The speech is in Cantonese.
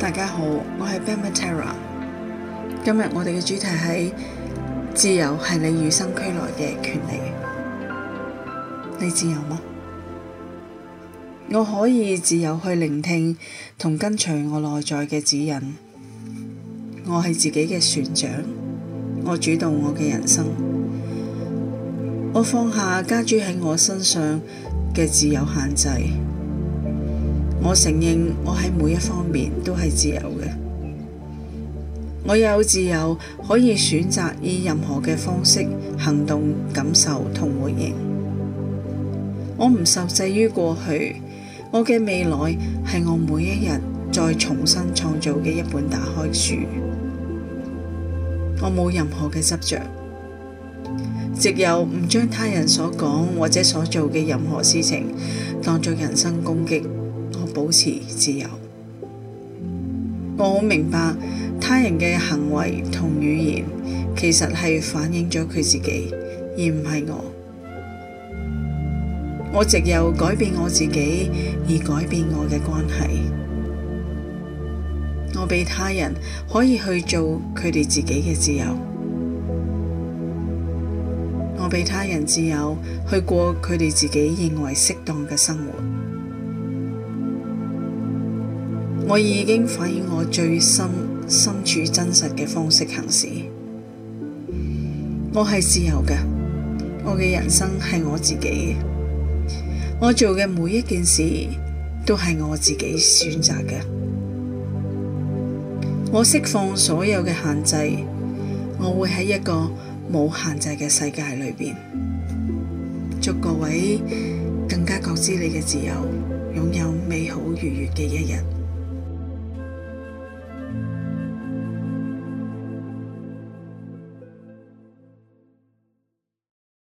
大家好，我係 Padma Tara，e 今日我哋嘅主題係自由係你與生俱來嘅權利，你自由嗎？我可以自由去聆聽同跟隨我內在嘅指引，我係自己嘅船長，我主導我嘅人生，我放下加諸喺我身上嘅自由限制。我承認，我喺每一方面都係自由嘅。我有自由可以選擇以任何嘅方式行動、感受同回應。我唔受制於過去，我嘅未來係我每一日再重新創造嘅一本打開書。我冇任何嘅執着，只有唔將他人所講或者所做嘅任何事情當作人身攻擊。保持自由，我好明白他人嘅行為同語言，其實係反映咗佢自己，而唔係我。我藉由改變我自己，而改變我嘅關係。我俾他人可以去做佢哋自己嘅自由。我俾他人自由，去過佢哋自己認為適當嘅生活。我已經發現我最深深處真實嘅方式行事。我係自由嘅，我嘅人生係我自己嘅。我做嘅每一件事都係我自己選擇嘅。我釋放所有嘅限制，我會喺一個冇限制嘅世界裏面。祝各位更加覺知你嘅自由，擁有美好愉悅嘅一日。